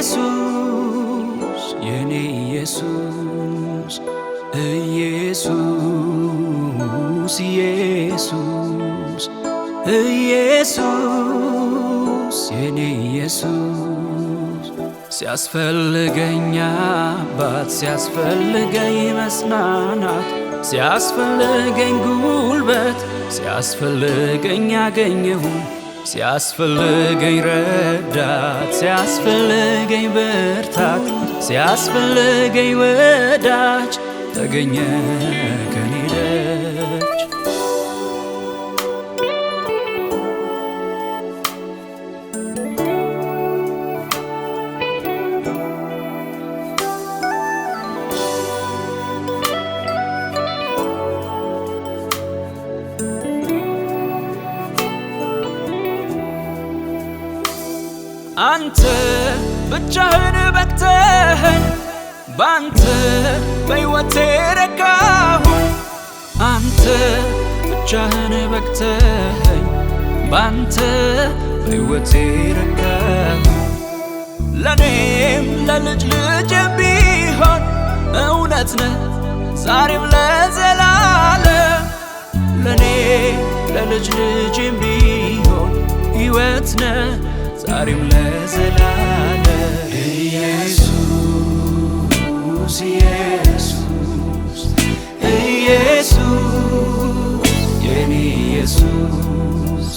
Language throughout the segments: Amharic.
ኢየሱስ የኔ ኢየሱስ ኢየሱስ ኢየሱስ ኢየሱስ የኔ ኢየሱስ ሲያስፈልገኝ አባት ሲያስፈልገኝ መጽናናት ሲያስፈልገኝ ጉልበት ሲያስፈልገኝ አገኘሁም ሲያስፈልገኝ ረዳት ሲያስፈልገኝ ብርታት ሲያስፈልገኝ ወዳጅ ተገኘ ከኔ አንተ ብቻህን በቅተህን በአንተ በሕይወቴ ረካሁን አንተ ብቻህን በቅተህን በአንተ በሕይወቴ ረካሁን ለእኔም ለልጅ ልጅ ቢሆን እውነት ነ ዛሬም ለዘላለም ለእኔ ለልጅ ልጅ ቢሆን ሕይወት ነህ ፈጣሪም ለዘላለ ኢየሱስ ኢየሱስ ኢየሱስ የኔ ኢየሱስ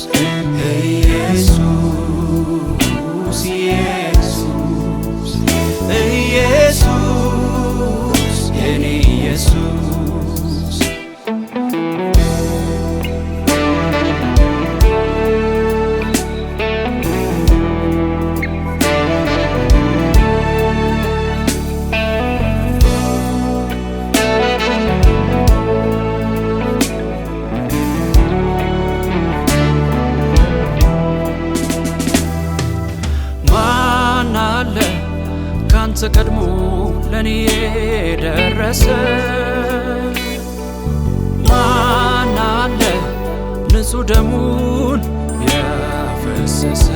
ደሙን ያፈሰሰ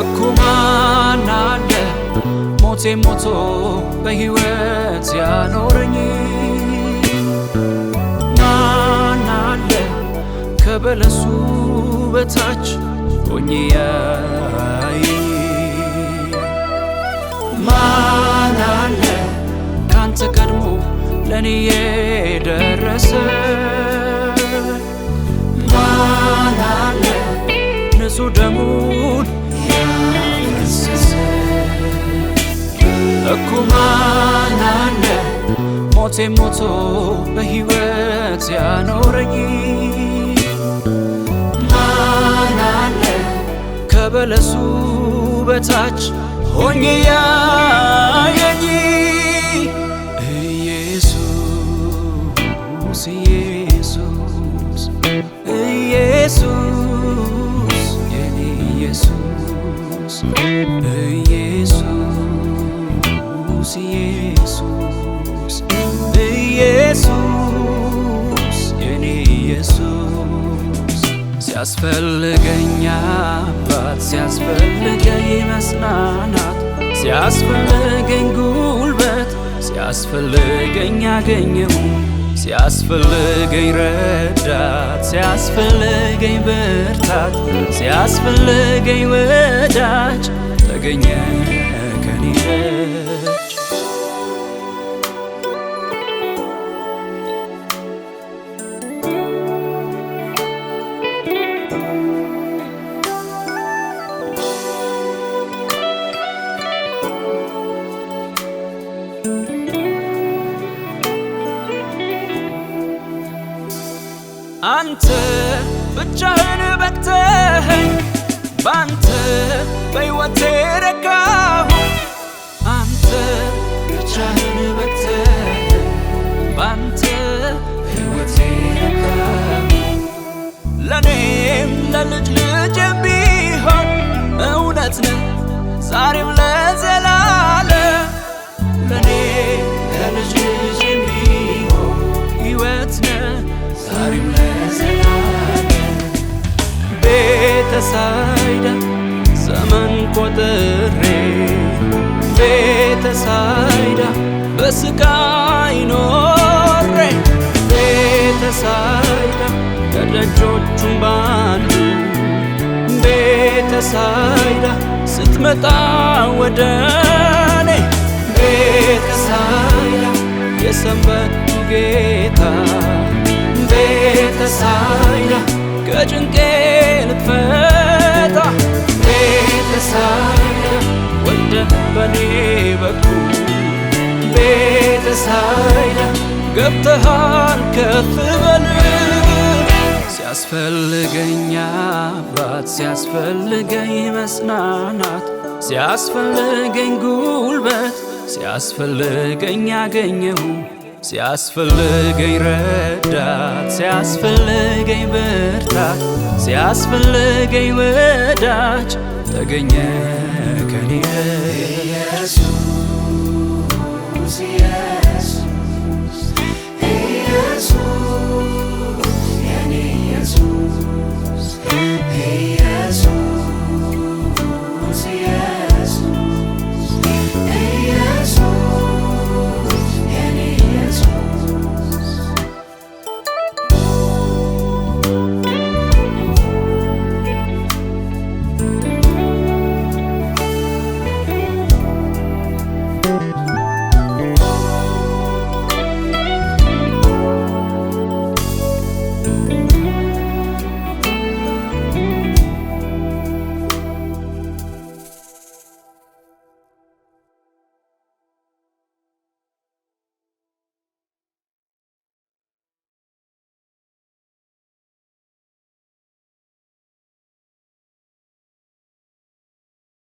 እኩ ማን አለ ሞቴ ሞቶ በሕይወት ያኖረኝ ማን አለ ከበለሱ በታች ሆኜ ያየኝ ማን አለ ካንተ ቀድሞ ለእኔ የደረሰ ኢየሱስ ደሙን እኩማን አለ ሞቴ ሞቶ በሕይወት ያኖረኝ ማን አለ ከበለሱ በታች ሆኜ ያየኝ ኢየሱስ ኢየሱስ ኢየሱስ ኢየሱስ ኢየሱስ የኔ ኢየሱስ ሲያስፈልገኝ አባት ሲያስፈልገኝ መጽናናት ሲያስፈልገኝ ጉልበት ሲያስፈልገኝ ያገኘው ሲያስፈልገኝ ረዳት ሲያስፈልገኝ ብርታት ሲያስፈልገኝ ወዳጅ ተገኘ ከኔ ለኔም ለልጅ ልጅ ቢሆን እውነት ነ ዛሬም ለዘላለ ለኔ ለልጅ ልጅ ቢሆን ሕይወት ነው ዛሬም ለዘላለ ቤተ ሳይዳ ዘመን ቆጥሬ ቤተ ሳይዳ በስቃይ ኖሬ ቤተ ሳይዳ ከደጆቹም ባንዱ ቤተ ሳይዳ ስትመጣ ወደ እኔ ቤተ የሰንበቱ ጌታ ቤተ ሳይዳ ከጭንቄ ልትፈታ ቤተ ወደ በኔ በኩል ቤተ ሳይዳ ገብተሃል ከፍ በል ሲያስፈልገኝ አባት ሲያስፈልገኝ መጽናናት ሲያስፈልገኝ ጉልበት ሲያስፈልገኝ ያገኘሁ ሲያስፈልገኝ ረዳት ሲያስፈልገኝ ብርታት ሲያስፈልገኝ ወዳጅ ተገኘ ከኔ ኢየሱስ